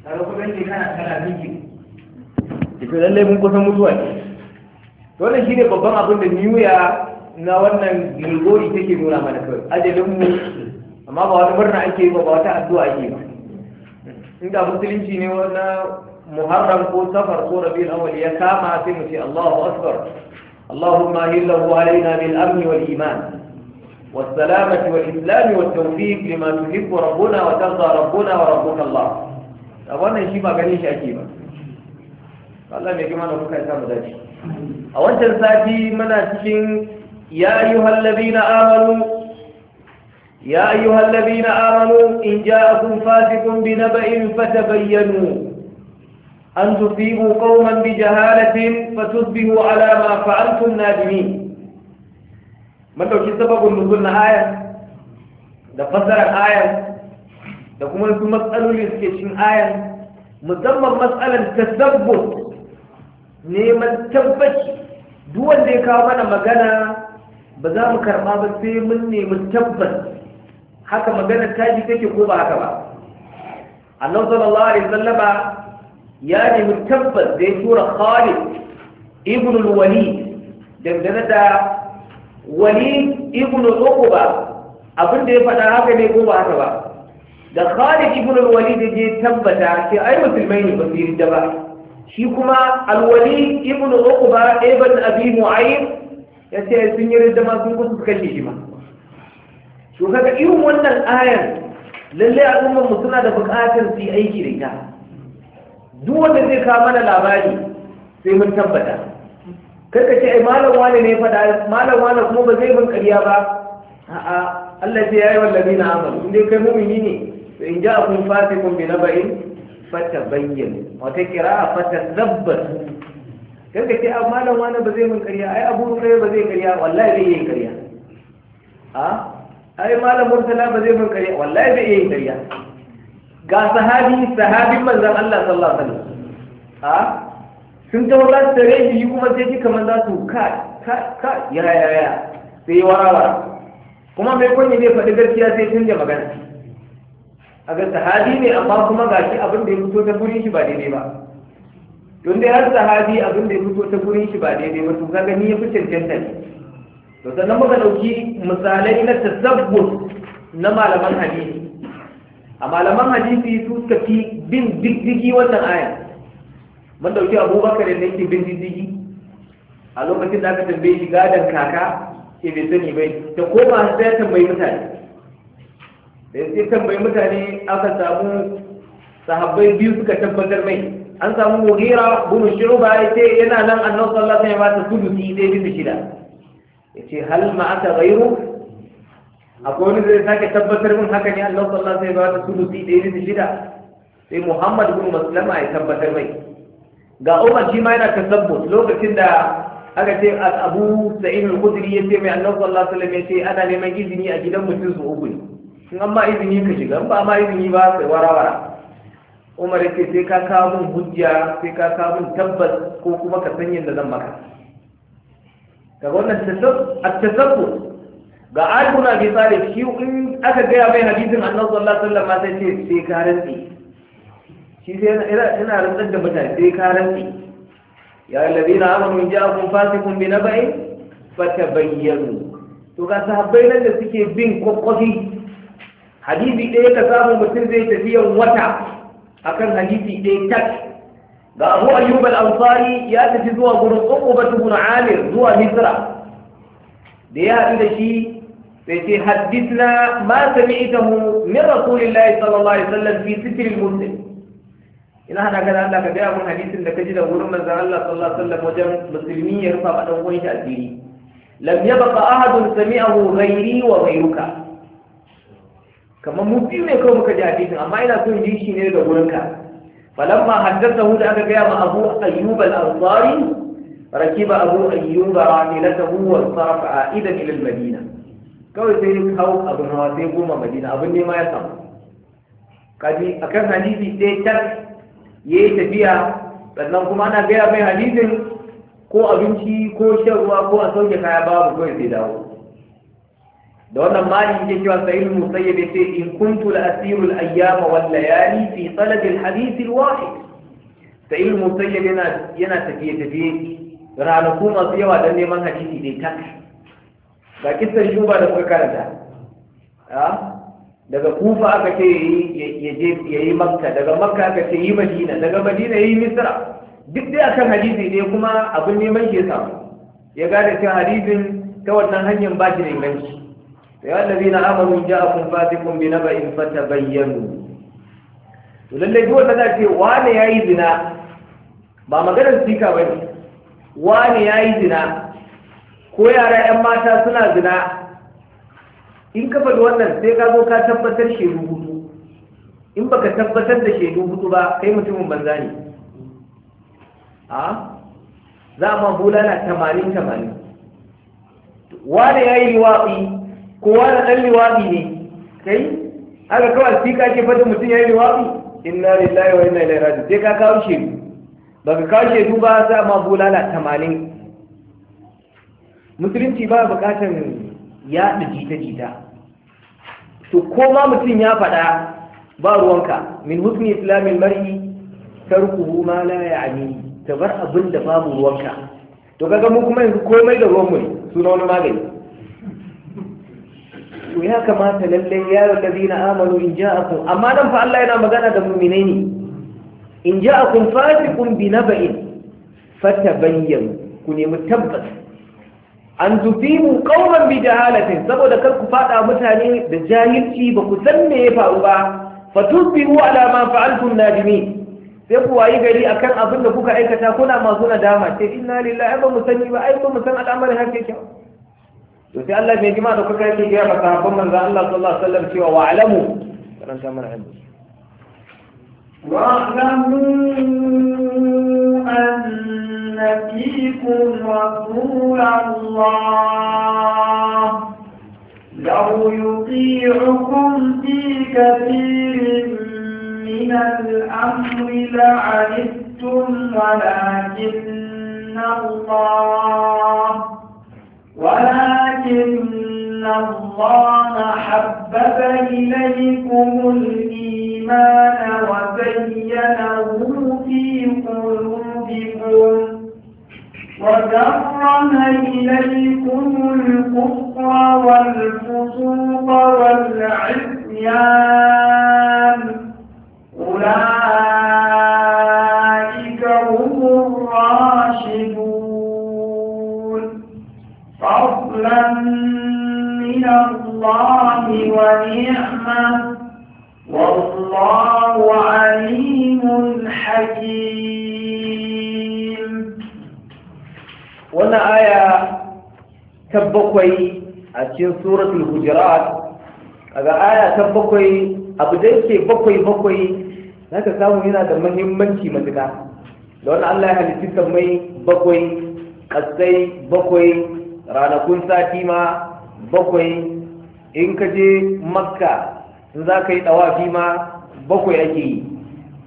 kaga kudin ke kana kana miki ita lallai mun kusan mutuwa ne wannan shine babban abin da ni niwuya na wannan gurgori take nuna mana kawai ajalin mu amma ba wani murna ake yi ba ba wata addu'a ake ba inda musulunci ne na muharram ko safar ko rabiul awwal ya kama sai mu ce Allahu akbar اللهم أهله علينا بالأمن والإيمان والسلامة والإسلام والتوفيق لما تحب ربنا وترضى ربنا وربك الله a wannan shi ba ganin shi ake ba Allah mai kima da kuka yi samu dace a wancan sati mana cikin ya yi na amalu ya yi na amalu in ja a kun kun bi na ba'in fata bayyanu an tufi mu kauman bi jahalatin fasus bi hu alama fa'antun na dini mai ɗauki sababin na hayan da fasarar hayan da kuma su matsaloli suke cin ayan musamman matsalar tasabbut neman tabbaci duk wanda ya kawo mana magana ba za mu karɓa ba sai mun nemi tabbas haka magana ta ji take ko ba haka ba annabi sallallahu alaihi wasallama ya nemi tabbas da ya tura Khalid ibn al-Walid dangane da wali ibn Uqba abin da ya faɗa haka ne ko ba haka ba da khalid ibn al-walid je tabbata ce ai musulmai ne ba su yi ba shi kuma al-walid ibn uqba ibn abi mu'ayyib yace sun yi ridda sun kusa su shi ma to kaga irin wannan ayan lalle al'ummar mu suna da buƙatar su yi aiki da ita duk wanda zai kawo mana labari sai mun tabbata karka ce ai malam wani ne fada malam wani kuma ba zai bin ƙarya ba a'a Allah ya yi yayi wallazina amanu indai kai mu'mini ne in ja kun kun bi fata fatabayyin wata fata fatadabbat kanka ce amma dan wani ba zai mun ƙarya ai abu kai ba zai ƙarya wallahi zai yi karya. a ai malam murtala ba zai mun ƙarya wallahi zai yi karya. ga sahabi sahabin manzon Allah sallallahu alaihi wasallam a sun ta za tare shi kuma sai kika man za su ka ka ka ya ya ya sai warawa kuma mai kunni ne faɗi gaskiya sai canja magana a ga sahabi ne amma kuma gashi abin da ya fito ta gurin shi ba daidai ba don dai har sahabi abin da ya fito ta gurin shi ba daidai ba to kaga ni ya fi cancanta ne to sannan muka ɗauki misalai na tasabbut na malaman hadisi a malaman hadisi su suka fi bin diddigi wannan aya mun dauki abubakar da yake bin diddigi a lokacin da aka tambaye shi gadon kaka ke bai sani bai ta koma sai ta tambayi mutane da sai tambayi mutane aka samu sahabbai biyu suka tabbatar mai an samu mugira bin shu'ba yace yana nan annabi sallallahu alaihi wasallam ta sudusi dai da shida yace hal ma aka gairu akwai wani zai sake tabbatar min haka ne annabi sallallahu alaihi wasallam ta sudusi dai da shida sai muhammad bin maslama ya tabbatar mai ga umar shi ma yana tasabbut lokacin da aka ce abu sa'id al-khudri yace mai annabi sallallahu alaihi wasallam yace ana neman izini a gidan mutum su uku ne sun an ma izini ka shiga ba ma izini ba sai warawara umar yake sai ka kawo min hujja sai ka kawo min tabbas ko kuma ka san yadda zan maka ga wannan tasabbu ga alikun abi talib shi in aka gaya mai hadisin annabi sallallahu alaihi wasallam sai ce sai ka rantsi shi sai ina ina rantsar da mutane sai ka rantsi ya alladhina amanu ja'akum fasiqun bi naba'in fatabayyanu to ga sahabbai nan da suke bin kokkofi hadisi ɗaya ka samu mutum zai tafiyan wata akan hadisi ɗaya tak ga abu ayyub al-ansari ya tafi zuwa gurin uqubatu ibn amir zuwa misra da ya haɗu da shi sai ce haddithna ma sami'tahu min rasulillahi sallallahu alaihi wasallam fi sitr al-muslim ina hada ga Allah ka ga mun hadisin da kaji da gurin manzon Allah sallallahu alaihi wasallam wajen musulmi ya rufa madan wani asiri lam yabqa ahadun sami'ahu ghairi wa ghayruka kamar mu biyu ne kawai muka ji hadisin amma ina son ji shi ne daga gurinka falamma hu da aka gaya ma abu ayyub al-ansari rakiba abu ayyub rahilatahu wa sarafa aidan ila al-madina kawai sai ya kawo abin hawa sai goma madina abin nema ya samu kaji akan hadisi sai tak yayi tafiya sannan kuma ana gaya mai hadisin ko abinci ko shan ruwa ko a sauke kaya babu kawai sai dawo da wannan malin yake cewa sa'id musayyib yace in kuntu la asiru al ayyama wal layali fi talab al hadith al wahid sa'id musayyib yana yana tafiye tafiye ranaku masu yawa dan neman hadisi dai tak ga kissan shuba da kuka karanta daga kufa aka ce ya yi makka daga makka aka ce yi madina daga madina ya yi misra duk dai akan hadisi ne kuma abin neman ke samu ya gada cewa hadisin ta wannan hanyar ba shi da inganci ya allazina amanu ja'akum fatikum bi fata bayyanu to lallai duk wanda zai ce wani yayi zina ba maganar sika ne?" wani yayi zina ko yara yan mata suna zina in ka faɗi wannan sai ka zo ka tabbatar shaidu hudu in baka tabbatar da shaidu hudu ba kai mutumin banza ne a za a ma bulala tamanin tamanin wani yayi waƙi. kowa da ɗan liwaɗi ne kai haka kawai sika ke fata mutum ya yi liwaɗi inna lillahi wa inna ilaihi raji sai ka kawo shedu baka kawo shedu ba sa ma bulala tamanin musulunci ba bukatar yaɗa jita-jita to ko ma mutum ya faɗa ba ruwanka min husni islamin mar'i tarkuhu ma la ya'ni ta bar abin da babu ruwanka to kaga mu kuma yanzu komai da ruwanmu ne suna wani magani to ya kamata lallai ya ladina amanu in ja'akum amma nan fa Allah yana magana da mu'minai ne in ja'akum fasiqun bi naba'in fatabayyanu ku nemi tabbas an tufimu qauman bi jahalatin saboda kar ku fada mutane da jahilci ba ku san me ya faru ba fatubbihu ala ma fa'altum nadimin sai ku wayi gari akan abin da kuka aikata kuna masu nadama ce inna lillahi ba mu sani ba ai ba mu san al'amarin ba to sai Allah mai jima da kuka yake ga masa habban manzo Allah sallallahu alaihi wasallam cewa wa alamu ran karanta mana hannu واعلموا أن فيكم رسول الله لو يطيعكم في كثير من الأمر لعنتم ولكن الله ولكن إن الله حبب إليكم الإيمان وبينه في قلوبكم وكره إليكم الكفر والفسوق والعصيان أولئك هم الراشدون فضلا من الله ونعمة والله عليم حكيم وانا آية تبقوي أتين سورة الهجرات هذا آية تبقوي أبدأت بقوي بقوي لك سامو هنا دمان يمنشي مدنا لون الله يحلي تتمي بقوي قصي بقوي ranakun sati ma bakwai in ka je makka in za ka yi tsawafi ma bakwai ake yi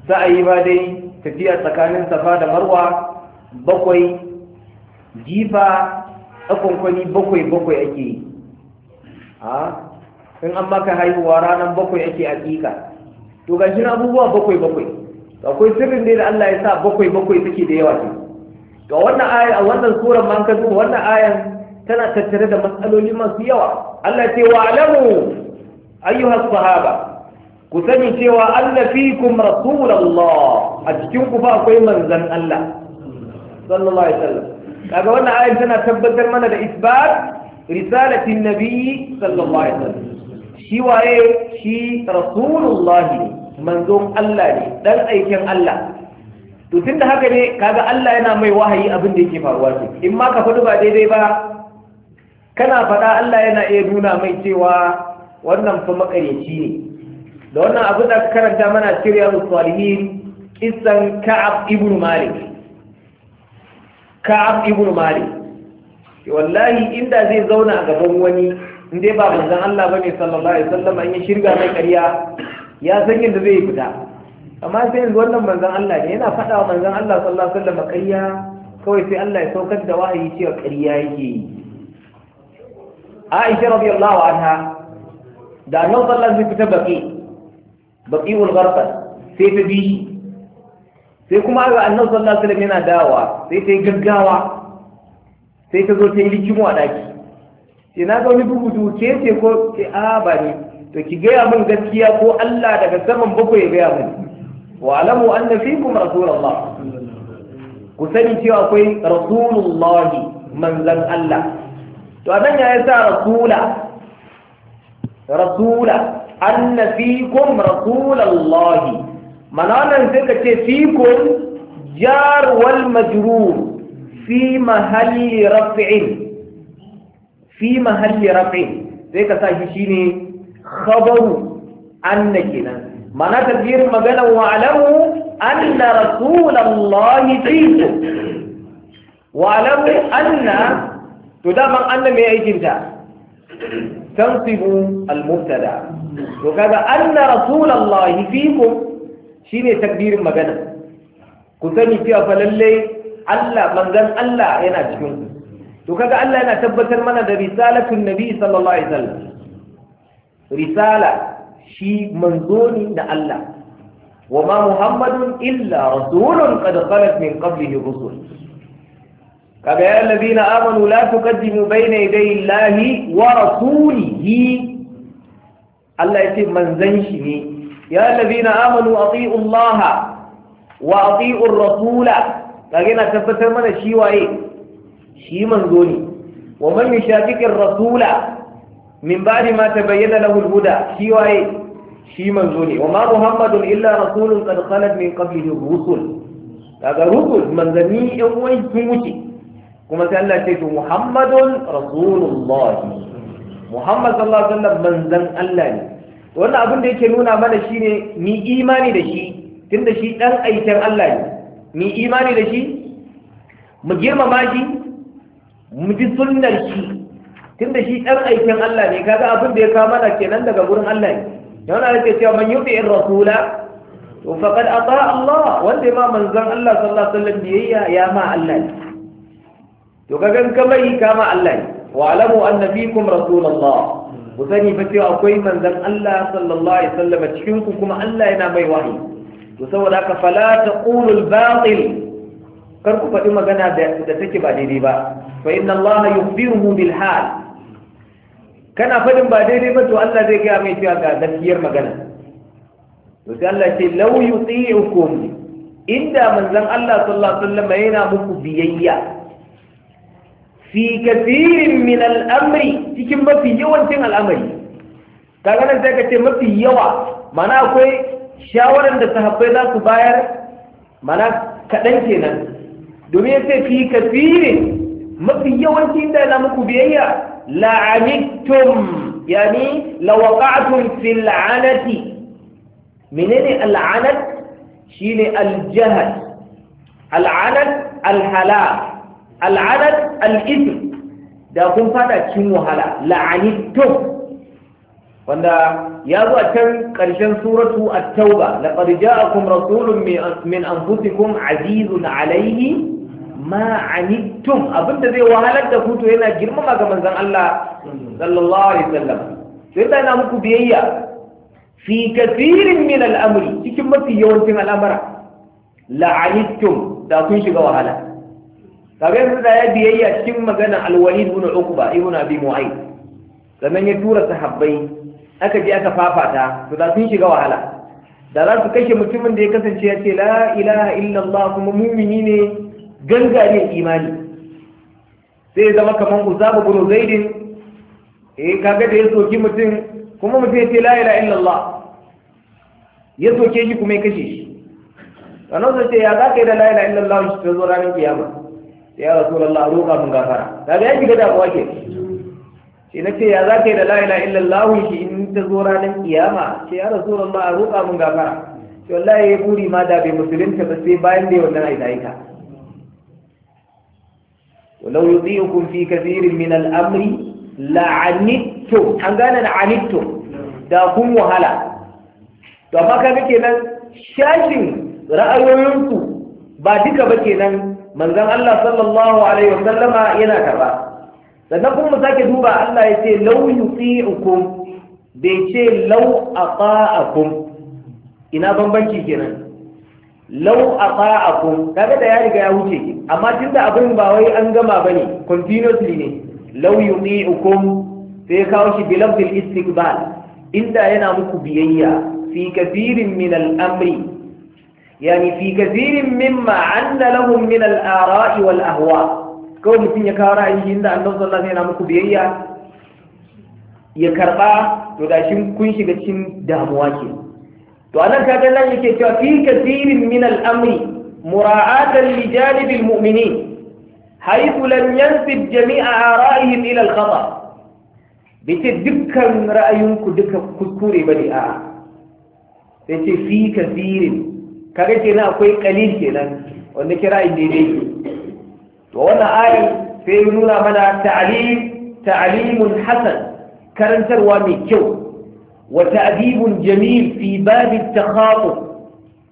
sa'ayi ba dai tafiya tsakanin safa da marwa bakwai jifa tsakonkwani bakwai bakwai ake yi in an maka haihuwa ranar bakwai ake aƙiƙa to ga shirin abubuwa bakwai bakwai akwai sirrin dai da Allah ya sa bakwai bakwai suke da yawa ce to wannan aya a wannan suran man ka duba wannan ayan tana tattare da matsaloli masu yawa Allah ce wa alamu ayyuha sahaba ku sani cewa anna fikum rasulullah a cikin ku fa akwai manzon Allah sallallahu alaihi wasallam kaga wannan ayin tana tabbatar mana da isbat risalatin nabi sallallahu alaihi wasallam shi waye shi rasulullah manzon Allah ne dan aikin Allah to tunda haka ne kaga Allah yana mai wahayi abin da yake faruwa ce in ma ka faɗi ba daidai ba kana faɗa Allah yana iya nuna mai cewa wannan fa makareci ne da wannan abin da karanta mana al musalihin kisan ka'ab ibn malik ka'ab ibn malik wallahi inda zai zauna a gaban wani inda ba manzon Allah bane sallallahu alaihi wasallam an yi shirga mai ƙarya ya san yadda zai fita amma sai yanzu wannan manzon Allah ne yana faɗa wa manzon Allah sallallahu alaihi wasallam ƙarya kawai sai Allah ya saukar da wahayi cewa ƙarya yake yi aisha radiyallahu anha da annabi sallallahu alaihi fita baki baki ul sai ta bi sai kuma ga annabi sallallahu alaihi wasallam yana dawa, sai ta yi gaggawa sai ta zo ta yi likimu a daki sai na ga wani bugudu ke ce ko ke a ba ne to ki gaya min gaskiya ko Allah daga saman bako ya gaya min wa alamu anna fikum rasulullah ku sani cewa akwai man manzon Allah to anan ya sa rasula rasula anna fikum rasulallahi mananan sai kace ce fikum jar wal majrur fi mahalli raf'in fi mahalli raf'in sai ka sa shi shine khabaru anna kenan mana tafiyar magana wa alamu anna rasulallahi fikum wa alamu anna to daman anna mai aikinta tansibu al-mubtada to kaga anna rasulullahi fikum shine takdirin magana ku sani cewa fa lalle Allah manzon Allah yana cikin ku to kaga Allah yana tabbatar mana da risalatun nabi sallallahu alaihi wasallam risala shi manzo ne da Allah wa ma muhammadun illa rasulun qad khalat min qablihi rusul kaga ya allazina amanu la tuqaddimu bayna yaday llahi wa rasulihi Allah yace manzan shi ne ya allazina amanu ati'u Allah wa ati'u ar-rasula kaga yana tabbatar mana shi waye shi manzo ne wa man yushaqiqi ar-rasula min ba'di ma tabayyana lahu al-huda shi waye shi manzo ne wa ma muhammadun illa rasulun qad khalat min qablihi ar-rusul kaga rusul manzanni yan uwan sun wuce kuma sai Allah ce to Muhammadun Rasulullah Muhammad sallallahu alaihi wasallam manzon Allah ne wannan abin da yake nuna mana shine ni imani da shi tunda shi dan aikin Allah ne ni imani da shi mu girmama shi mu ji sunnar shi tunda shi dan aikin Allah ne kaga abin da ya kawo mana kenan daga gurin Allah ne yana da cewa man yuti rasula to faqad ata Allah wanda ma manzon Allah sallallahu alaihi wasallam biyayya ya ma Allah ne to ka gan ka bari kama Allah ne wa alamu anna fikum rasulullah ku sani fa cewa akwai manzon Allah sallallahu alaihi wasallam cikin ku kuma Allah yana mai wahayi to saboda haka fala taqulul batil kar ku faɗi magana da take ba daidai ba fa inna Allah yukhbiruhu bil hal kana faɗin ba daidai ba to Allah zai gaya mai cewa ga gaskiyar magana to sai Allah ce law yuti'ukum inda manzon Allah sallallahu alaihi wasallam yana muku biyayya fi kathirin min al'amri cikin mafi yawancin al'amari kaga nan sai ka ce mafi yawa mana akwai shawarar da sahabbai za su bayar mana kaɗan kenan domin sai fi kathirin mafi yawanci da na muku biyayya la'anittum yani fin fil anati menene al'anat shine al-jahal al'anat al al'adar al'ism da kun fada cikin wahala la'anittum wanda ya zo a can ƙarshen suratu a tauba a ja'akum rasulun min anfusikum azizun alaihi, ma anittum abinda zai wahalar da ku yana girmama ga manzan Allah sallallahu alaihi sallam. sai da na muku biyayya fi kathirin min al'amri cikin mafi yawancin al'amara la'anittum da kun shiga wahala kaga yanzu da ya biyayya cikin magana alwalid ibn uqba ibn abi mu'ayyid sannan ya tura sahabbai aka je aka fafata to da sun shiga wahala da za su kashe mutumin da ya kasance ya ce la ilaha illallah kuma mumini ne gangare imani sai zama kamar usaba bin zaidin eh kaga da ya soki mutum kuma mutum ya ce la ilaha illallah ya soke shi kuma ya kashe shi sannan sai ya za ka yi da la ilaha illallah shi ta zo ranar kiyama ya rasulullah roƙa mun gafara daga ya shiga damuwa ke sai na ce ya zaka yi da la'ila illallah shi in ta zo ranar kiyama ce ya rasulullah roƙa mun gafara ce wallahi ya buri ma da bai musulunta ba sai bayan da wannan aika aika walau yudhiukum fi kathirin min al-amri la'anittum an gane la'anittum da kun wahala to amma kaga kenan shashin ra'ayoyinku ba duka ba kenan Manzan Allah sallallahu alaihi wasallama yana karba sannan kuma mu sake duba Allah ya ce law yuti'ukum bai ce law ata'akum ina bambanci kenan law ata'akum kaga da ya riga ya wuce amma tun da abin ba wai an gama ba bane continuously ne law yuti'ukum sai kawo shi bilafdil istiqbal inda yana muku biyayya fi kafirin min al'amri يعني في كثير مما عند لهم من الآراء والأهواء كون في يكارا عند أن الله صلى الله عليه وسلم يكارا تداشم كل شيء بتشم دهمواتي وأنا كاتلا يكتب في كثير من الأمر مراعاة لجانب المؤمنين حيث لم ينسب جميع آرائهم إلى الخطأ بتدكم رأيكم دك كل كوري بديعة آه. في كثير ke kenan akwai kalil kenan wanda kira in daidai ke to wannan ayi sai ya nuna mana ta'lim ta'limun hasan karantarwa mai kyau wa ta'dibun jamil fi bab at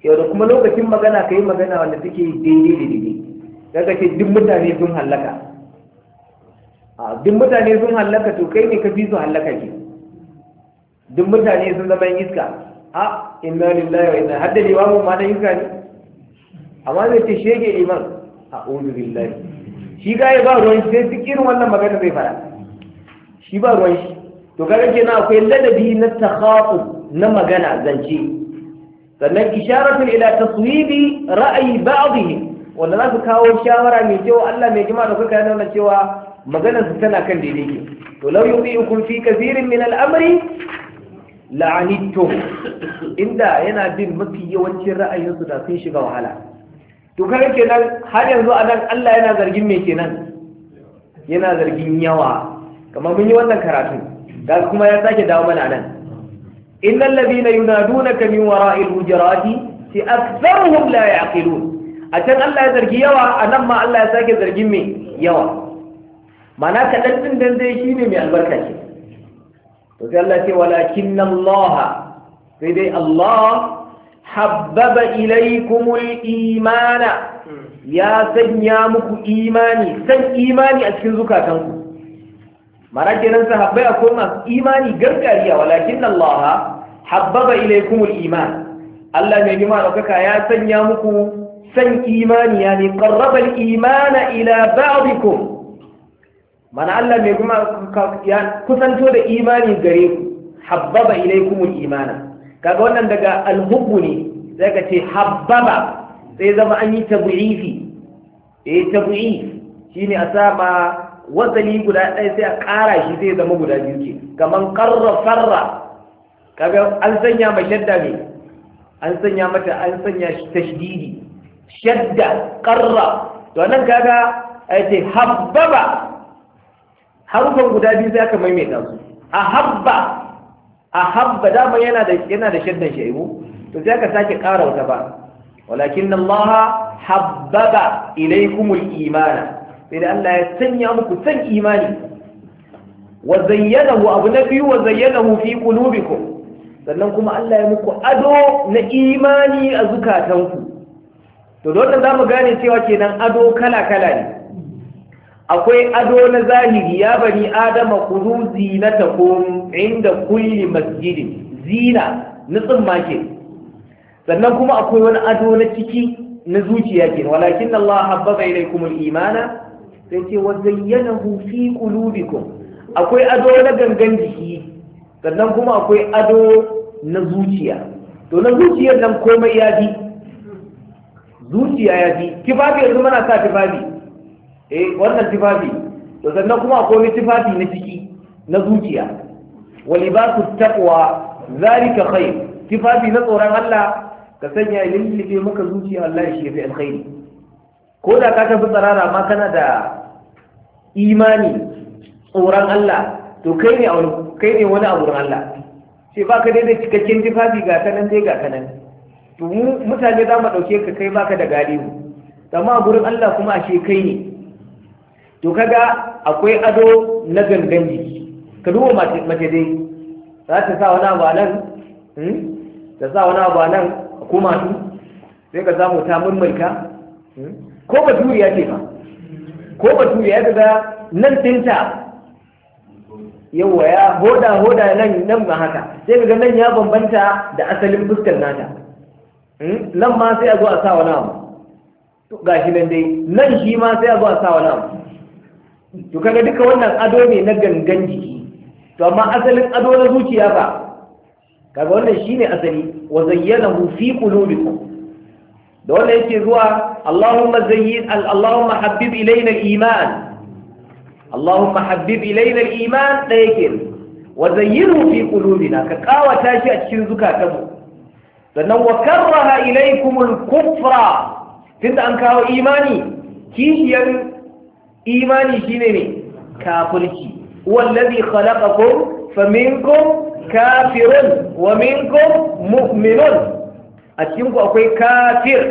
yau da kuma lokacin magana ka yi magana wanda take daidai da daidai daga ce duk mutane sun hallaka a duk mutane sun hallaka to kai ne ka fi su hallaka ke duk mutane sun zama iska a inna lillahi wa inna hadda limamin ma na yinka ne amma zai ce shege liman a uzu billahi shi ga ya ba ruwan shi sai cikin wannan magana zai fara shi ba ruwan shi to kaga na akwai ladabi na takhafu na magana zance sannan isharatu ila taswibi ra'ayi ba'dihim wanda za su kawo shawara mai kyau Allah mai jima da kuka nuna cewa maganar su tana kan daidai ke to law yuqiukum fi kathirin min al-amri la'anittum inda yana bin mafi yawancin ra'ayinsu da sun shiga wahala to kare kenan har yanzu a nan Allah yana zargin me kenan yana zargin yawa kamar mun yi wannan karatu ga kuma ya sake dawo mana nan innal ladina yunadunaka min wara'il hujurati fi aktharuhum la yaqilun a can Allah ya zargi yawa a nan ma Allah ya sake zargin me yawa mana kaɗan ɗin dan dai shine mai albarka ce to sai Allah ce walakin Allah sai dai Allah habbaba ilaikumul imana ya sanya muku imani san imani a cikin zukatanku mara kenan sahabbai akwai masu imani gargariya walakin Allah habbaba ilaikumul iman Allah mai nima ɗaukaka ya sanya muku san imani ya ne ƙarrabar imana ila ba'dikum mana Allah mai kuma ya kusanto da imani gare ku habbaba ilaikumul imana kaga wannan daga alhubbu ne sai ka ce habbaba sai zama an yi tabu'ifi eh tabu'if shine a saba wasali guda ɗaya sai a ƙara shi zai zama guda biyu ke kamar ƙarra farra kaga an sanya mai shadda ne an sanya mata an sanya tashdidi shadda ƙarra to nan kaga a ce habbaba harufan guda biyu zai aka maimaita su A habba, dama yana da yana da shaddan shaibu to sai aka sake ƙara wata ba walakin Allah habbaba ilaykumul imana sai da Allah ya sanya muku san imani wa zayyanahu abu na biyu wa zayyanahu fi qulubikum sannan kuma Allah ya muku ado na imani a zukatanku to don nan mu gane cewa kenan ado kala kala ne akwai ado na zahiri ya bari adama kuru zinatakum inda kulli masjidin zina na tsumma ke sannan kuma akwai wani ado na ciki na zuciya ke walakin Allah bai ilaykum kuma imana sai ce wa zayyana fi qulubikum akwai ado na gangan jiki sannan kuma akwai ado na zuciya to na zuciyar nan komai ya bi zuciya ya bi kifafi yanzu muna sa kifafi eh wannan tifafi to sannan kuma akwai wani tufafi na ciki na zuciya wa libasu taqwa zalika khair tifafi na tsoron Allah ka sanya lillibe maka zuciya Allah shi yafi alkhairi ko da ka tafi tsarara ma kana da imani tsoron Allah to kai ne kai ne wani abu Allah sai baka dai cikakken tufafi ga kanan sai ga kanan to mutane za mu dauke ka kai baka da mu. amma gurin Allah kuma ashe kai ne to kaga akwai ado na gangan jiki ka duba mace dai za ta sa wani abu nan hmm? ta sa wani abu nan a koma su sai ka samu ta mulmulka hmm? ko baturiya ce ba ko baturiya ya ga nan tinta yawwa ya hoda hoda nan nan ba haka sai ga nan ya bambanta da asalin fuskar nata hmm? nan ma sai a zo a sa wani abu gashi nan dai nan shi ma sai a zo a sa wani abu to kaga duka wannan ado ne na gangan jiki to amma asalin ado na zuciya ba kaga wannan shine asali wa zayyanahu fi qulubikum da wannan yake zuwa Allahumma zayyin Allahumma habbib ilaina al-iman Allahumma habbib ilaina al-iman da yake wa zayyinu fi qulubina ka kawata shi a cikin zukatanmu sannan wa karraha ilaykum al-kufra tunda an kawo imani kishiyar imani shine ne kafirci wallazi khalaqakum faminkum kafirun wa minkum mu'minun a cikin ku akwai kafir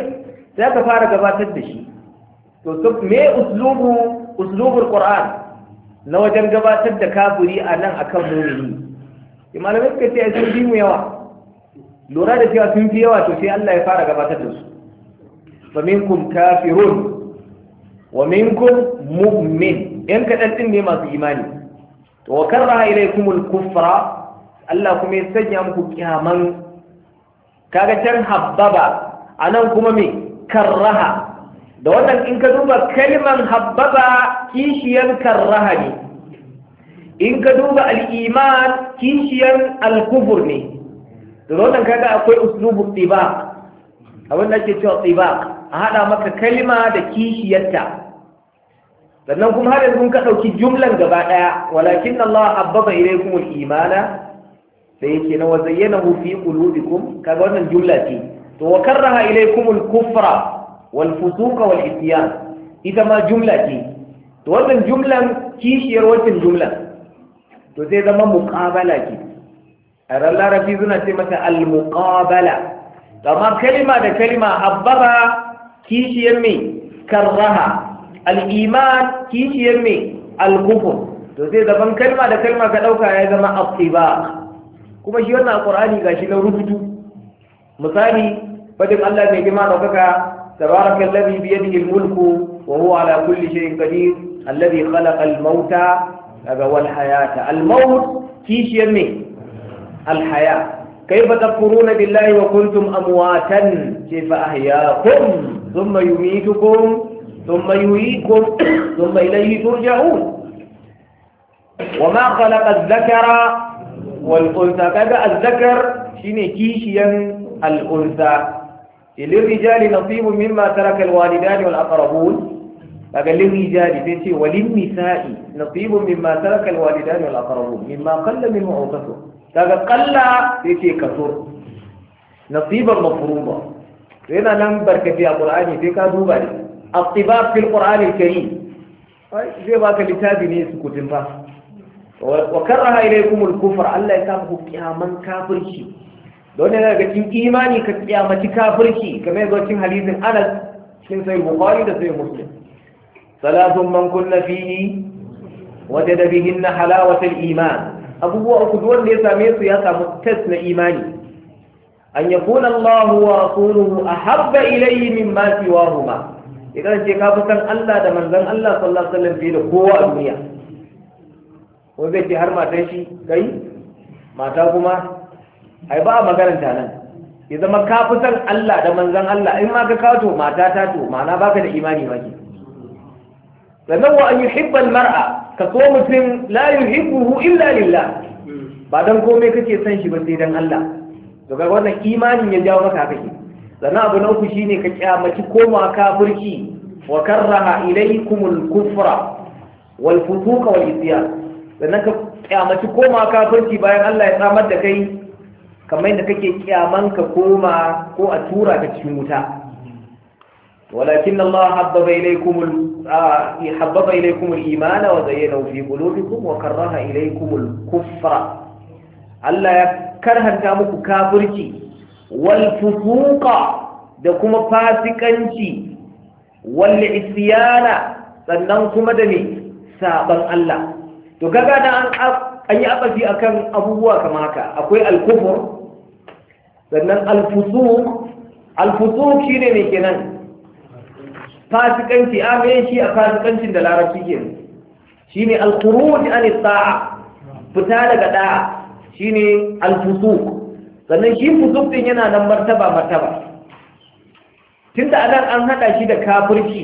sai ka fara gabatar da shi to me uslubu uslubul qur'an na wajen gabatar da kafiri a nan a kan mumini imalamai suka ce sun fi mu yawa lura da cewa sun fi yawa to sai Allah ya fara gabatar da su fa kafirun wa minkum mu'min yan kaɗan ɗin ne masu imani to wa karraha ilaykumul kufra Allah kuma ya sanya muku kiyaman kaga can habbaba anan kuma me karraha da wannan in ka duba kalman habbaba kishiyan karraha ne in ka duba kishiyan al alkubur ne da wannan kaga akwai uslubu tibaq abin da ake cewa tibaq a haɗa maka kalima da kishiyarta sannan kuma har yanzu ka ɗauki jumlan gaba ɗaya walakin Allah habbaba ilaykum al-imana da yake na wazayyanahu fi qulubikum kaga wannan jumla ce to wa karraha ilaykum al-kufra wal fusuqa wal isyan ita ma jumla ce to wannan jumlan kishiyar wannan jumlan to sai zama muqabala ce a ran larabi suna ce mata al-muqabala amma kalima da kalma habbaba kishiyar mai karraha al'iman kishiyar mai alkufur to zaban kalma da kalma ka ɗauka ya zama aftiba kuma shi wannan ƙorani ga shi na rubutu misali fadin allah mai girma ɗaukaka tabaraka allazi bi da almulku wa huwa ala kulli shay'in qadir allazi khalaqa almauta daga wal hayata almaut kishiyar mai alhaya kaifa tafkuruna billahi wa kuntum amwatan kaifa ahyaakum ثم يميتكم ثم يحييكم ثم إليه ترجعون وما خلق الذكر والأنثى كذا الذكر شيني كيشيا الأنثى للرجال نصيب مما ترك الوالدان والأقربون فقال للرجال بيتي وللنساء نصيب مما ترك الوالدان والأقربون مما قل منه أو كثر قال قل بيتي كثر نصيبا مفروضا yana nan barkafi a qur'ani sai ka duba ne attiba fil qur'ani kari zai baka littafi ne su kutin fa wa karaha ilaykum kuma kufr Allah ya sa muku kiyaman kafirci don yana ga cikin imani ka kiyamaci kafirci kamar yadda cikin hadisin Anas cikin sai Bukhari da sai Muslim salatun man kunna fihi wajada na halawatar iman abubuwa uku duk wanda ya same su ya samu test na imani an kuna Allah wa rasuluhu ahabba ilayhi mimma siwahuma idan ce ka fi san Allah da manzon Allah sallallahu alaihi wasallam fiye da kowa a duniya ko zai ce har matan shi kai mata kuma ai ba ta nan ya zama ka fi san Allah da manzon Allah in ma ka kawo to mata ta to ma'ana baka da imani ba ke sannan wa an yuhibbal mar'a ka so mutum la yuhibbuhu illa lillah ba dan komai kake son shi ba sai dan Allah to kaga wannan imanin ya jawo maka haka ke sannan abu na uku shine ka kyamaci koma kafirci wa karraha ilaykumul kufra wal fusuqa wal isyan sannan ka kyamaci koma kafirci bayan Allah ya samar da kai kamar yadda kake kyaman ka koma ko a tura ka cikin wuta ولكن الله حبب إليكم حبب إليكم الإيمان وزينه في قلوبكم وكره إليكم الكفر Allah ya karhanta muku kafirci wal fusuqa da kuma fasikanci wal isyana sannan kuma da me saban Allah to kaga da an an yi abafi akan abubuwa kamar haka akwai al kufur sannan al fusuq al fusuq shine ne kenan fasikanci a ah, me shi a fasikancin da larabci kenan shine al khuruj an ta'a fita daga da'a shine ne sannan shi fusuq din yana nan martaba martaba tunda anan an haɗa shi da kafirci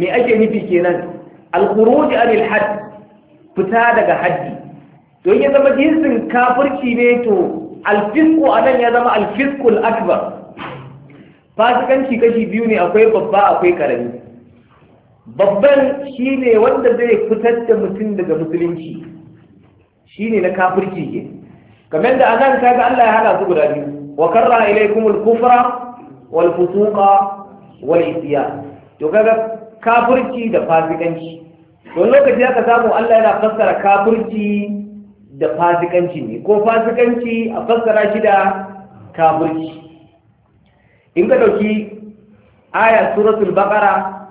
me ake nufi kenan al-khuruj anil had fita daga haddi don ya zama jinsin kafirci ne to alfisku fisqu nan ya zama al akbar fasikanci kashi biyu ne akwai babba akwai karami babban shi ne wanda zai fitar da mutum daga musulunci Shi ne na kafirci ke kamar da anan kaga Allah ya hada su guda biyu wa karra ilaykum al-kufra wal fusuqa wal to kaga kafirci da fasikanci don lokaci aka samu Allah yana fassara kafirci da fasikanci ne ko fasikanci a fassara shi da kafirci in ka dauki aya suratul baqara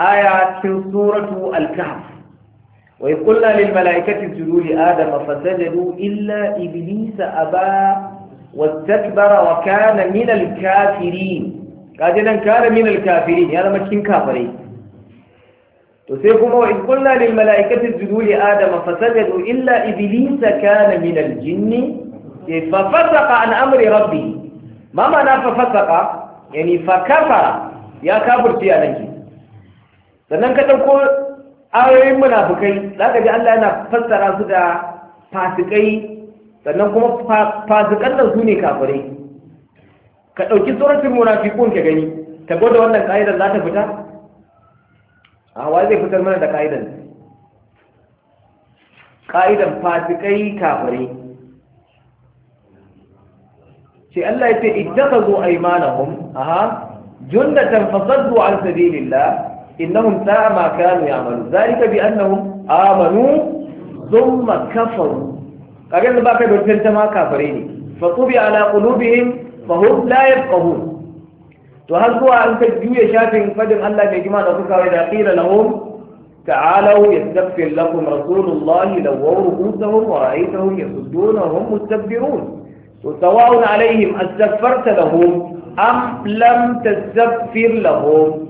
aya cikin suratu al-kahf وإذ قلنا للملائكة اسجدوا لآدم فسجدوا إلا إبليس أبى واستكبر وكان من الكافرين كاجنا كان من الكافرين هذا لما كين كافرين وإذ قلنا للملائكة اسجدوا لآدم فسجدوا إلا إبليس كان من الجن ففسق عن أمر ربه ما معنى ففسق يعني فكفر يا كافر تيانك سننك تقول ayoyin munafukai za ka ji Allah yana fassara su da fasikai sannan kuma fasikan nan su ne kafirai ka ɗauki suratul munafiqun ka gani ta gwada wannan ka'idar za ta fita a wa zai fitar mana da ka'idar ka'idar fasikai kafirai ce Allah ya ce ittakhadhu aymanahum aha jundatan fasaddu an sabilillah إنهم ساء ما كانوا يعملون ذلك بأنهم آمنوا ثم كفروا أجل باقي بلتنت ما كافرين فطبع على قلوبهم فهم لا يفقهون وهل هو أن تجوي شاف فدم الله بإجماع ربك وإذا قيل لهم تعالوا يستغفر لكم رسول الله لووا رؤوسهم ورأيتهم يصدون وهم مستكبرون وسواء عليهم أستغفرت لهم أم لم تستغفر لهم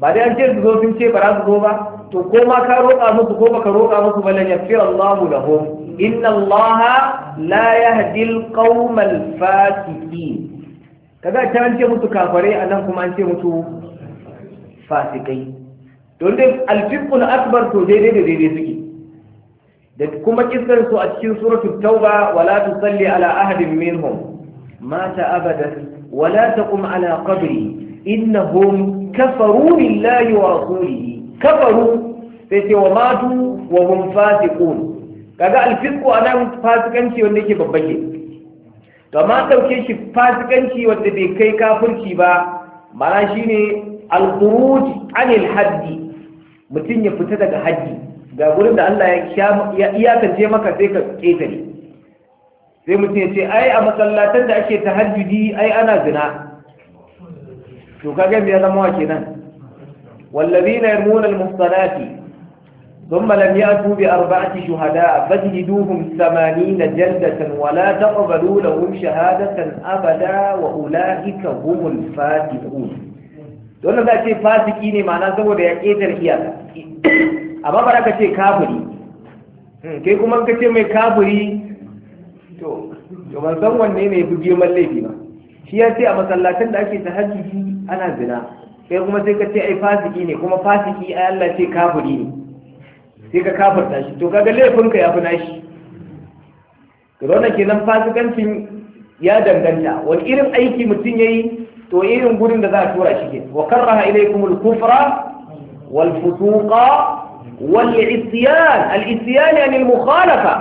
ba dai an ce su zo sun ce ba za su zo ba to ko ma ka roƙa musu ko baka roƙa musu ba lan yafi Allahu lahum inna Allah la yahdi al-qawmal fasiqin kaga ta an ce musu kafare nan kuma an ce musu fasikai don dai al-fiqhul akbar to daidai da daidai suke da kuma kisar su a cikin suratul tauba wala tusalli ala ahadin minhum mata abadan wala taqum ala qabri innahum kafaru billahi wa rasulihi kafaru sai ce wa matu wa hum fasiqun kaga alfisqu anan fasikanci wanda yake babban ne to amma dauke shi fasikanci wanda bai kai kafirci ba mana shine al-khuruj anil haddi mutum ya fita daga haddi ga gurin da Allah ya iyakance maka sai ka ketare sai mutum ya ce ai a masallatan da ake tahajjudi ai ana zina شو كاجم يا دمواتنا والذين يرمون المحصنات ثم لم يأتوا بأربعة شهداء فاجهدوهم ثمانين جلدة ولا تقبلوا لهم شهادة أبدا وأولئك هم الفاتحون دون ذلك فاسقين معنا سوى بيأكيد الحيادة أما براك شيء كافري كي كمان كشيء من كافري جو جو من سوى نيني بجيو من ليبي ما شيئا سيئا مثلا لكن تهجي ana zina sai kuma sai ka ce ai fasiki ne kuma fasiki ai Allah ce kafiri ne sai ka kafirta shi to kaga laifinka ya fi nashi rona kenan fasikancin ya danganta wani irin aiki mutum yayi to irin gurin da za a tura shi ke wa karraha ilaykum al-kufra wal Futuqa, wal isyan al isyan yani al mukhalafa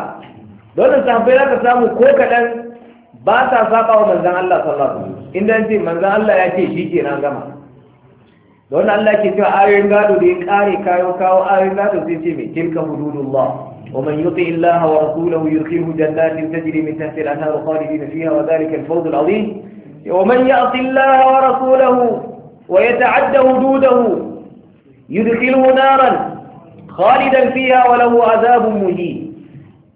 don sahabbai za ka samu ko kadan ba sa saba wa manzon Allah sallallahu alaihi wasallam inda ce manzan Allah ya ce shi ke nan gama da wani Allah ke cewa ayoyin gado da ya kare kayo kawo ayoyin gado sai ce mai tilka hududullah wa man yuti illaha wa rasulahu yudkhilhu jannatin tajri min tahtiha al-anhar khalidina fiha wa dhalika al-fawz al-azim wa man ya'ti illaha wa rasulahu wa yata'adda hududahu yudkhilhu naran khalidan fiha wa lahu azabun muhin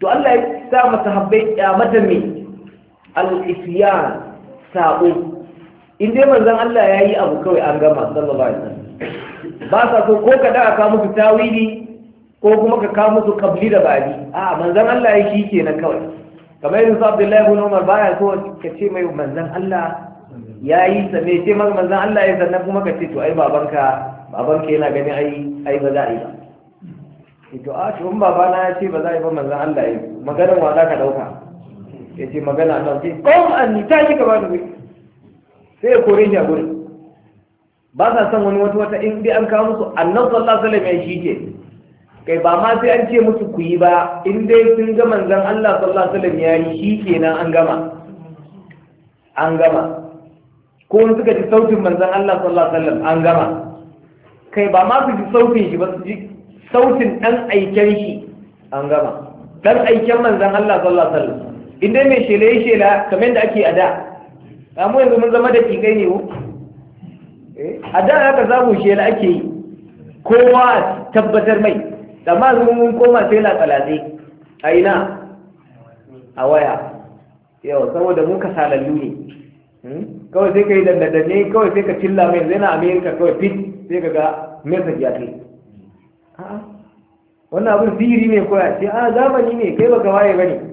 to Allah ya sa masahabbai kyamatan mai al-isyan sabo in dai manzon Allah ya yi abu kawai an gama sallallahu alaihi wasallam ba sa so ko ka da ka musu tawili ko kuma ka ka musu kabli da bani a manzon Allah ya shi kenan kawai kamar yanzu Abdullahi ibn Umar baya so ka ce mai manzon Allah ya yi sa me ce maka manzon Allah ya sannan kuma ka ce to ai babanka babanka yana ganin ai ai ba za a yi ba to a ah, to in babana ya ce ba za a yi ba manzon Allah ya maganin wa za ka dauka ya ce magana Allah ce kom anni ta shi gaba da wuri sai ya kore shi a gurin ba sa san wani wata wata in dai an kawo musu annan sallah salam ya shi ke kai ba ma sai an ce musu ku yi ba in dai sun ga manzan Allah sallah salam ya yi shi nan an gama an gama ko wani suka ji sautin manzan Allah sallah salam? an gama kai ba ma su ji sautin shi ba su ji sautin dan aiken shi an gama dan aiken manzan Allah sallah salam. Inda mai shela ya shela kamar yadda ake a da kamu yanzu mun zama da kikai ne eh, a da aka samu shela ake yi kowa tabbatar mai amma zuwa mun koma sai latsalazai a ina a waya yau saboda mun kasalallu ne hmm? kawai sai ka yi dandadanne kawai sai ka cilla mai zai na amerika kawai fit sai ka ga message ya kai wannan abin sihiri ne koya ce a ah, zamani ne kai baka waye bane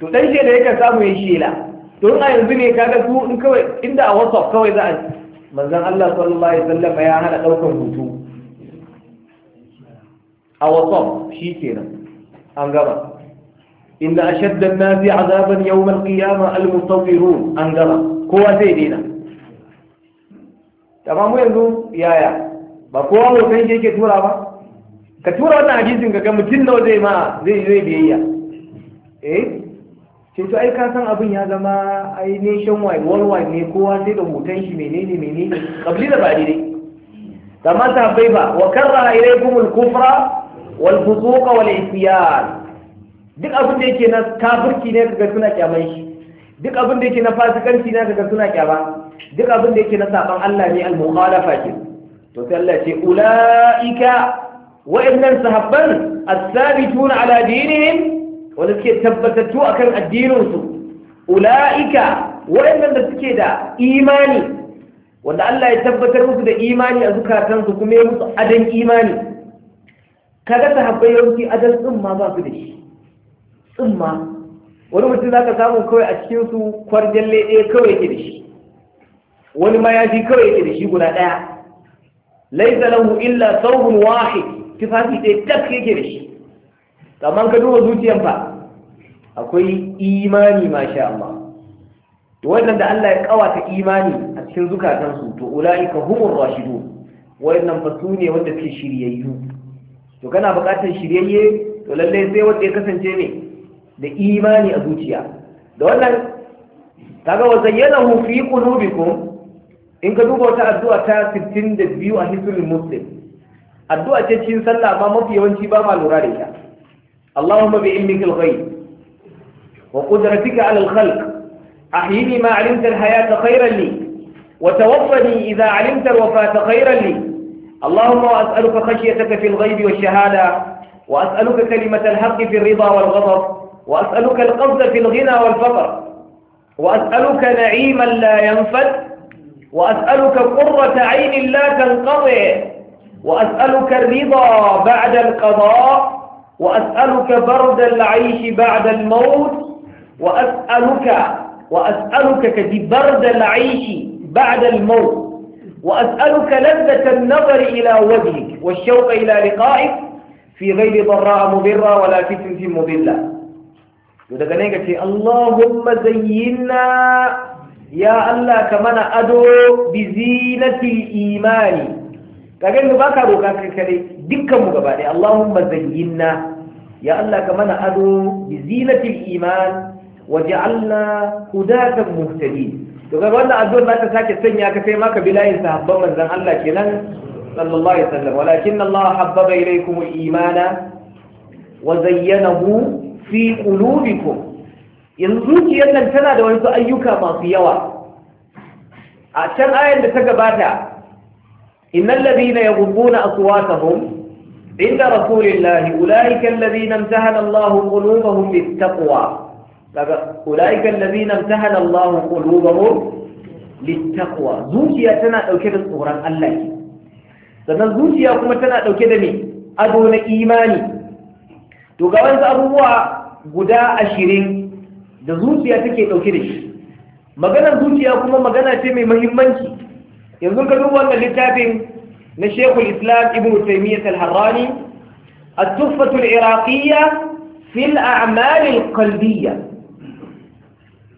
to dan shela yakan samu ya shela don a yanzu ne kaga su in kawai inda a whatsapp kawai za a manzon Allah sallallahu alaihi wasallam ya hana daukan hutu a whatsapp shi kenan an gaba inda ashadda an-nasi azaban yawm al-qiyamah al-mutawwirun an gaba kowa zai daina amma mu yanzu yaya ba kowa hoton shi yake tura ba ka tura wannan hadisin ga mutum nawa zai ma zai biyayya eh? ce ai ka san abin ya zama ai nation wide worldwide ne kowa sai da hoton shi menene menene kabli da ba dai da ma ta bai ba wa karra ilaikum al-kufra wal fusuq wal isyan duk abin da yake na kafirci ne kaga suna kyaman shi duk abin da yake na fasikanci ne kaga suna kyaba duk abin da yake na saban Allah ne al-mukhalafa ke to sai Allah ce ulaika wa'annan sahabban as-sabituna ala dinihim wanda suke tabbatattu akan addininsu ula'ika waɗannan da suke da imani wanda Allah ya tabbatar musu da imani a zukatansu kuma ya musu adan imani kaga sahabbai yawanci adan tsimma ba su da shi tsimma wani mutum za ka samu kawai a cikinsu su kwarjan ɗaya kawai ke da shi wani mayafi kawai yake da shi guda ɗaya laisa lahu illa thawbun wahid tufafi ɗaya tak yake da shi kamar ka duba zuciyan fa akwai imani masha Allah da Allah ya kawata imani a cikin zukatansu to ula'ika humur rashidu wannan fa su ne wanda ke shiryayyu to kana buƙatar shiryayye to lallai sai wanda ya kasance ne da imani a zuciya da wannan kaga wa zayyanahu fi qulubikum in ka duba wata addu'a ta 62 a hisnul muslim addu'a ce cikin sallah ma mafi yawanci ba ma lura da ita Allahumma bi ilmikal ghaib وقدرتك على الخلق أحيني ما علمت الحياة خيرا لي وتوفني إذا علمت الوفاة خيرا لي اللهم وأسألك خشيتك في الغيب والشهادة وأسألك كلمة الحق في الرضا والغضب وأسألك القصد في الغنى والفقر وأسألك نعيما لا ينفد وأسألك قرة عين لا تنقطع وأسألك الرضا بعد القضاء وأسألك برد العيش بعد الموت وأسألك وأسألك كبرد العيش بعد الموت وأسألك لذة النظر إلى وجهك والشوق إلى لقائك في غير ضراء مضرة ولا فتنة مضلة ودقنيك في اللهم زينا يا الله كمان أدو بزينة الإيمان كأن باكا روكا كري دكا مغبالي اللهم زينا يا الله كمان أدو بزينة الإيمان waj'alna hudatan muhtadin to ga wannan addu'ar za ta sake sanya ka kai maka bilayin sahabban manzon Allah kenan sallallahu alaihi wasallam walakin Allah habbaba ilaykum al-imana wa zayyanahu fi qulubikum yanzu zuciyar nan tana da wasu ayyuka masu yawa a can ayar da ta gabata innal ladina yaghudduna aswatahum inda rasulillahi ulaika alladhina imtahana Allahu qulubahum lit-taqwa kaga ulaiikal ladina imtahana Allahu qulubahum littaqwa zuciya tana dauke da tsoron Allah ne sannan zuciya kuma tana dauke da me ado na imani to ga abubuwa guda ashirin da zuciya take dauke da shi maganar zuciya kuma magana ce mai muhimmanci yanzu ka duba wannan littafin na Sheikhul Islam Ibn Taymiyyah Al-Harrani at-Tuffah al-Iraqiyya fi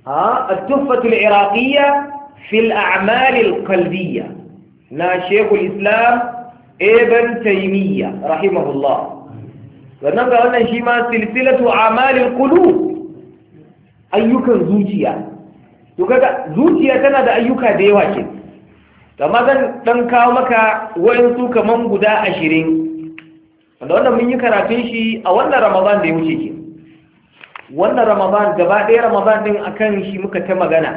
التحفة العراقية في الأعمال القلبية نا شيخ الإسلام ابن تيمية رحمه الله ونبقى أن شما سلسلة أعمال القلوب أيوكا زوجيا يوكا زوجيا تنا أيوكا ديواكي kama zan ɗan kawo maka waɗansu kaman guda ashirin wanda wannan mun yi karatun shi a wannan ramadan da ya wuce ke wannan ramadan gaba ɗaya ramadan ɗin akan shi muka ta magana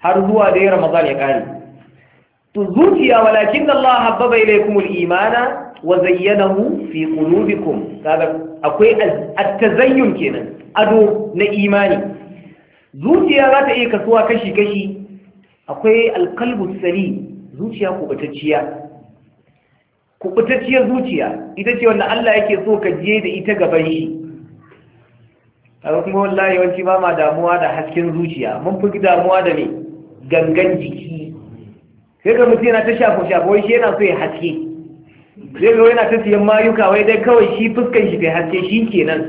har zuwa ɗaya ramadan ya ƙare to zuciya walakin Allah habbaba ilaykumul imana wa zayyanahu fi qulubikum kaga akwai at-tazayyun kenan ado na imani zuciya za ta iya kasuwa kashi kashi akwai alqalbu salim zuciya kubatacciya kubutacciyar zuciya ita ce wanda Allah yake so ka je da ita gaban shi a kuma wallahi yawanci ba ma damuwa da hasken zuciya mun fi damuwa da me gangan jiki sai ga mutum yana ta shafo shafo wai shi yana so ya haske zai ga yana ta siyan mayuka wai dai kawai shi fuskan shi ta haske shi kenan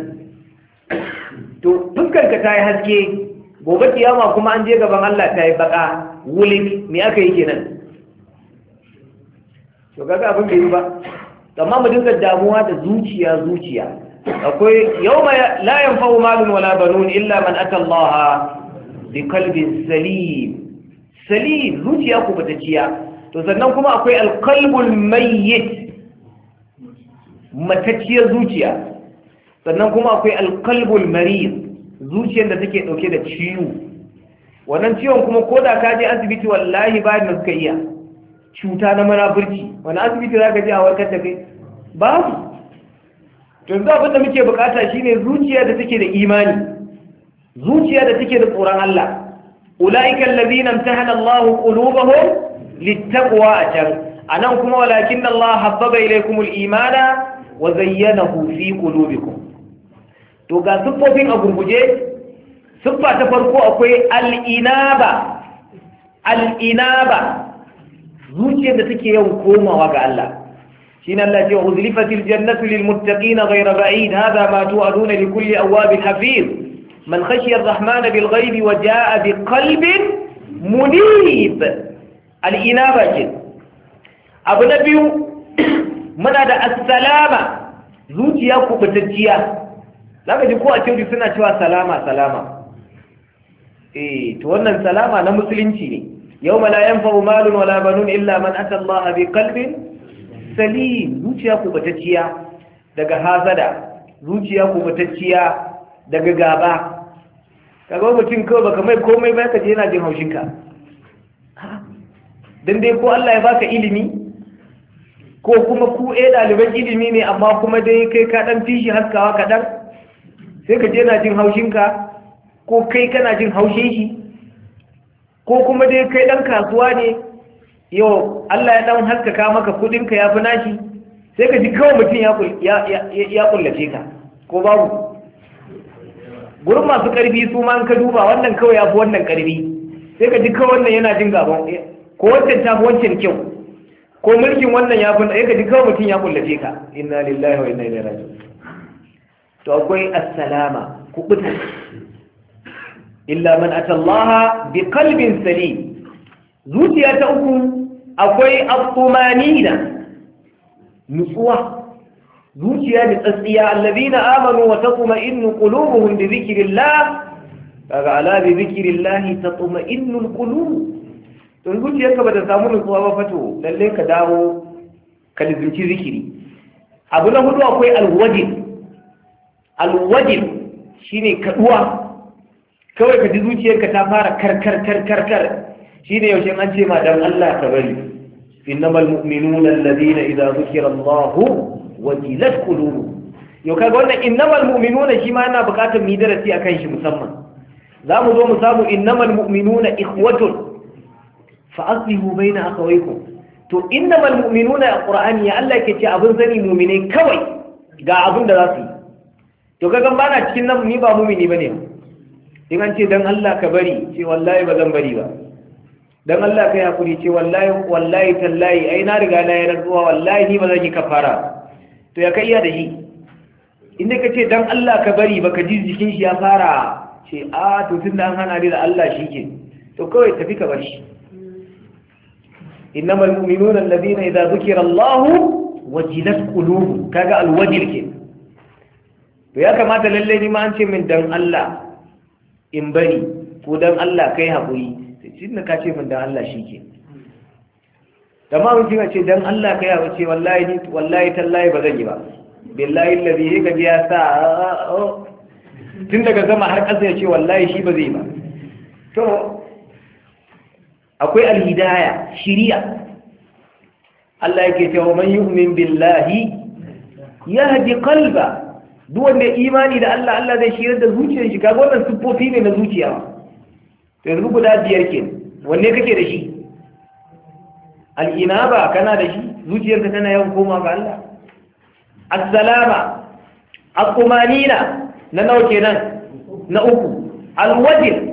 to fuskan ka ta yi haske gobe kiyama kuma an je gaban Allah ta yi baka wulik me aka yi kenan to kaga abin bai yi ba amma mu dinga damuwa da zuciya zuciya akwai yau mai layan fa'o malin wala banun illa man aka Allah bi kalbin salim salim zuciya ku bata ciya to sannan kuma akwai alkalbul mayyit matacciyar zuciya sannan kuma akwai alkalbul marid zuciyar da take dauke da ciwo wannan ciwon kuma ko da ka je asibiti wallahi ba da kaiya cuta na munafurci wani asibiti za ka je a warkar da kai babu yanzu abin da muke bukata shine zuciya da take da imani zuciya da take da tsoron Allah ulaika allazina imtahana Allah qulubahum littaqwa ajar anan kuma walakin Allah habbaba ilaykumul imana wa zayyanahu fi qulubikum to ga siffofin agurguje, siffa ta farko akwai al'inaba al'inaba zuciyar da take yawan komawa ga Allah حين التي أغذلفت الجنة للمتقين غير بعيد هذا ما توعدون لكل أواب حفيظ من خشي الرحمن بالغيب وجاء بقلب منيب الإنابة أبو نبي من هذا السلامة زوجي أكو بتجيا لما يكون أتيو سنة شوى سلامة سلامة إيه تولنا السلامة أنا مسلم يوم لا ينفع مال ولا بنون إلا من أتى الله بقلب salim zuciya batacciya daga hasada zuciya batacciya daga gaba kaga mutum kawai baka mai komai ba kaje yana jin ka dan dai ko Allah ya baka ilimi ko kuma ku eh ɗaliban ilimi ne amma kuma dai kai ka ɗan fishi haskawa kaɗan sai ka je na jin ka ko kai kana jin haushin shi ko kuma dai kai ɗan kasuwa ne yau Allah ya dan haskaka maka kudinka ya fi nashi sai ka ji kawai mutum ya kullace ka ko babu gurin masu karfi su ma ka duba wannan kawai ya fi wannan karfi sai ka ji kawai wannan yana jin gaban eh, ko wancan ta fi wancan kyau ko mulkin wannan ya fi sai ka ji kawai mutum ya kullace ka inna lillahi wa inna ilaihi raji to akwai assalama kuta illa man atallaha bi qalbin salim zuciya ta uku akwai al-tumanina nutsuwa zuciya da tsatsiya allazina amanu wa tatma'innu qulubuhum bi dhikrillah kaga ala bi dhikrillah tatma'innul qulub to zuciya ba ta samu nutsuwa ba fato lalle ka dawo ka lizinci zikiri abu na hudu akwai alwajib alwajib shine kaduwa kawai ka ji zuciyarka ta fara karkar karkar kar shine yaushe an ce ma dan Allah ka bari innamal mu'minuna alladhina idza dhukira Allah wajilat qulubuhum yau kaga wannan innamal mu'minuna shi ma yana buƙatar mu darasi akan shi musamman za mu zo mu samu innamal mu'minuna ikhwatun fa aslihu baina akhawaykum to innamal mu'minuna ya qur'ani ya Allah yake ce abin sani mu'mine kawai ga abin da za su yi to kaga ba na cikin nan ni ba mu'mini bane in an ce dan Allah ka bari ce wallahi ba zan bari ba dan Allah kai hakuri ce wallahi wallahi tallahi ai na riga na yaran zuwa wallahi ni ba zan yi kafara to ya kai iya da shi inda ka ce dan Allah ka bari baka ji jikin shi ya fara ce a to tunda an hana ni da Allah shi ke to kawai tafi ka bar shi إنما المؤمنون الذين إذا ذكر الله وجلت kaga كذا الوجل كده ya kamata lalle ni ma an ce min dan Allah in bari ko dan Allah kai haƙuri shi na ka ce min dan Allah shi ke da ma mutum ya ce dan Allah ka yawa ce wallahi ni wallahi tallahi ba zan yi ba billahi allazi ya ka ya sa ah, ah, ah, oh. tun daga sama har ƙasa ya ce wallahi shi ba zai ba to akwai alhidaya shiriya Allah yake cewa man yu'min billahi yahdi qalba duk wanda imani da Allah Allah zai shirar da zuciyar shi kaga wannan siffofi ne na zuciya ba. to yanzu guda biyar ke wanne kake da shi Al'ina ba kana da shi zuciyarka tana yawan koma ga Allah assalama akumanina na nawa nan na uku alwajir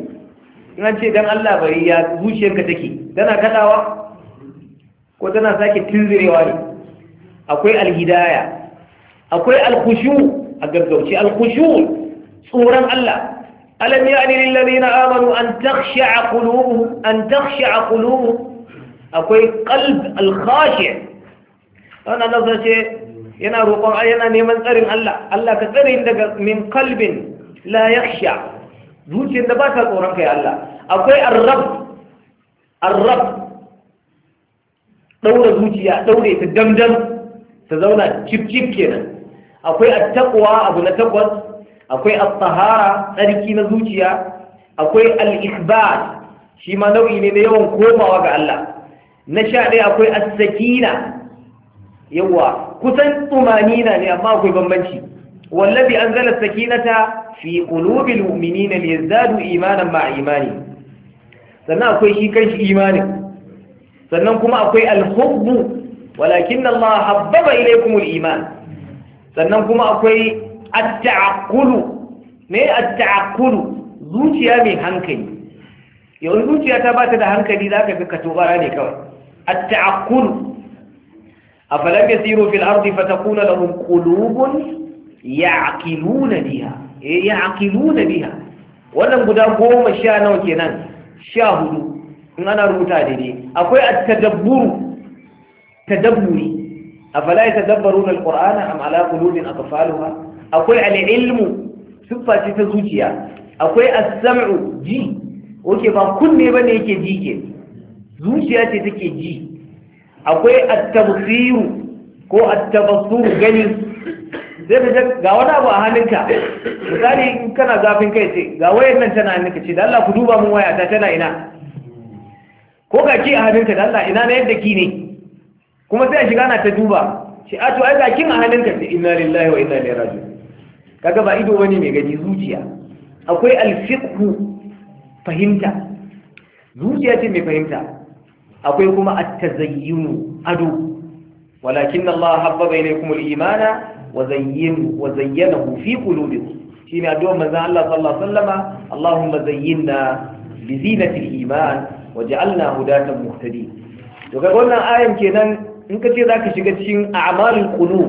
Ina ce dan Allah bari ya zuciyarka take tana kadawa ko tana sake tunzirewa ne akwai alhidaya akwai alkhushu a gaggauce alkhushu tsoron Allah ألم يعني للذين آمنوا أن تخشع قلوبهم أن تخشع قلوبهم أكوي قلب الخاشع أنا نظرت شيء روقا ينا نيمان ترين الله الله كترين من قلب لا يخشع ذوتي نباتا قرآن يا الله أكوي الرب الرب دورة ذوتي دورة تدمدم تزونا تشيب تشيب كينا أكوي التقوى أبو نتقوى akwai at-tahara tsarki na zuciya akwai al-ikhbar shi ma nau'i ne na yawan komawa ga Allah na sha ɗaya akwai as-sakina yawa kusan tumanina ne amma akwai bambanci wallazi anzala as-sakinata fi qulubil mu'minina liyazdadu imanan ma imani sannan akwai shi kanshi imanin sannan kuma akwai al-hubbu walakin Allah habbaba ilaykumul iman sannan kuma akwai at-ta'aqqulu me at-ta'aqqulu zuciya mai hankali yau zuciya ta bata da hankali zaka fi ka tobara ne kawai at-ta'aqqulu afalam yasiru fil ardi fatakuna lahum qulubun ya'qiluna biha ya'qiluna biha wannan guda goma sha nawa kenan sha hudu in ana rubuta daidai akwai at-tadabburu tadabburi afala yatadabbaruna al-qur'ana am ala qulubin aqfaluha akwai al'ilmu siffa ce ta zuciya akwai a samu ji oke ba kunne ne yake ji ke zuciya ce take ji akwai a tabsiru ko a tabassuru gani zai ka ga wani abu a hannunka misali in kana zafin kai ce ga wayar nan tana hannunka ce da Allah ku duba mun waya ta tana ina ko ga ki a hannunka da Allah ina na yadda ki ne kuma sai a shiga na ta duba shi a to ai ga kin a hannunka ce inna lillahi wa inna ilaihi raji'un kaga ba ido bane mai gani zuciya akwai alfiqhu fahimta zuciya ce mai fahimta akwai kuma at-tazayyun ado walakin Allah habbaba ilaykum al-imana wa zayyinu wa zayyanahu fi qulubikum shine addu'a manzon Allah sallallahu alaihi wasallama Allahumma zayyinna bi zinati al-iman waj'alna hudatan muhtadin to kaga wannan ayan kenan in kace zaka shiga cikin a'malul qulub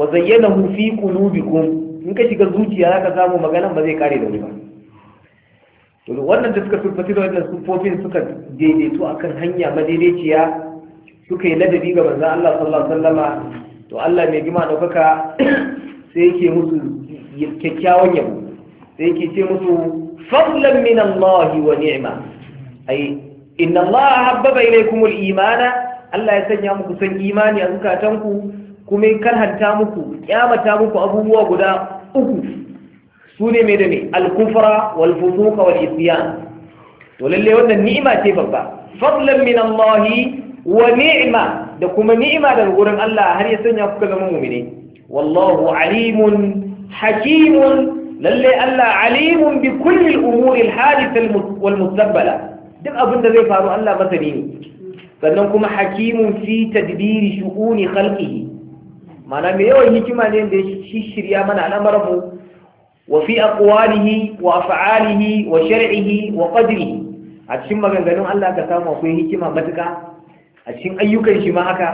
wa zayyanahu fi qulubikum in ka shiga zuciya za ka samu maganan ba zai kare da wuri ba to wannan da suka sufati da wannan sufofin suka daidaitu akan hanya madaidaiciya suka yi ladabi ga manzon Allah sallallahu alaihi wasallama to Allah mai gima ɗaukaka sai yake musu kyakkyawan yabo sai yake ce musu fadlan min Allah wa ni'ma ai inna Allah habbaba ilaykum al-imana Allah ya sanya muku san imani a zukatanku kuma ya karhanta muku kyamata muku abubuwa guda uku su ne mai da mai alkufra wal wal isyan to lalle wannan ni'ima ce babba fadlan min Allah wa ni'ima da kuma ni'ima daga gurin Allah har ya sanya kuka zama mu'mini wallahu alimun hakimun lalle Allah alimun bi kulli al-umuri al-hadithah wal mustaqbala duk abin da zai faru Allah masani ne sannan kuma hakimun fi tadbiri shu'uni khalqihi mana me yawan hikima ne da shi shirya mana alamar mu wa fi aqwalihi wa af'alihi wa shar'ihi wa qadrihi a cikin maganganun Allah ka samu akwai hikima matuka a cikin ayyukan shi ma haka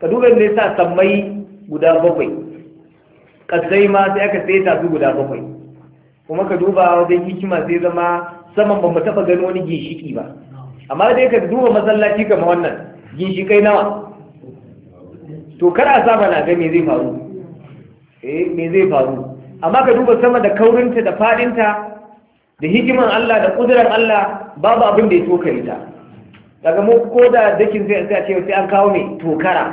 ka duba da yasa sammai guda bakwai kasai ma sai aka sai ta guda bakwai kuma ka duba wajen hikima sai zama saman ba mu taba gano wani ginshiki ba amma dai ka duba masallaci kamar wannan ginshikai nawa to kar a saba na ga me zai faru eh me zai faru amma ka duba sama da kaurinta da fadinta da hikiman Allah da kudurar Allah babu abin da ya tokare ta daga mu ko da dakin sai a ce sai an kawo me tokara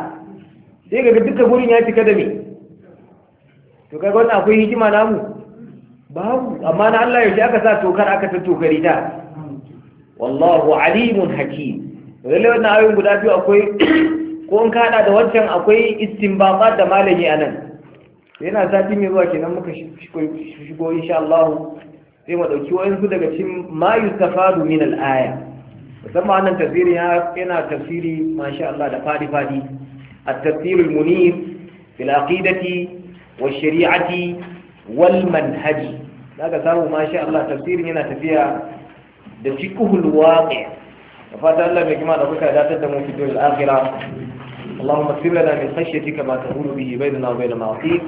sai ga duka gurin ya cika da me to kai wannan akwai hikima namu babu amma na Allah yaushe aka sa tokar aka ta tokari ta wallahu alimun hakim lalle wannan ayoyin guda biyu akwai ko in ka hada da wancan akwai istinbabat da malami a nan yana sati mai zuwa kenan muka shigo insha Allah sai mu dauki wayansu daga cikin ma yustafadu min al-aya musamman wannan tafsiri yana tafsiri masha Allah da fadi fadi at-tafsir al-munir fil aqidati wash-shari'ati wal-manhaji daga samu masha Allah tafsirin yana tafiya da fiqhul waqi' fata Allah mai kima da kuka datar da mu fi dole اللهم اكتب لنا من خشيتك ما تهون به بيننا وبين معصيك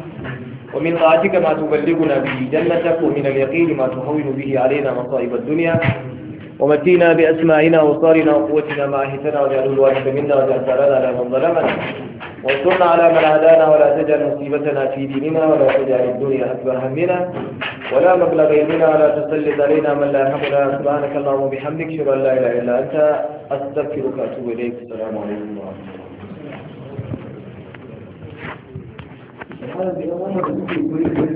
ومن طاعتك ما تبلغنا به جنتك ومن اليقين ما تهون به علينا مصائب الدنيا ومتينا بأسمائنا وصارنا وقوتنا ما أهتنا وجعل الواحد منا وجعل ثارنا على من ظلمنا وانصرنا على من عادانا ولا تجعل مصيبتنا في ديننا ولا تجعل الدنيا أكبر همنا ولا مبلغ علمنا ولا تسلط علينا من لا يرحمنا سبحانك اللهم وبحمدك شكرا أن لا إله إلا أنت أستغفرك وأتوب إليك السلام عليكم ورحمة الله 哎，你们。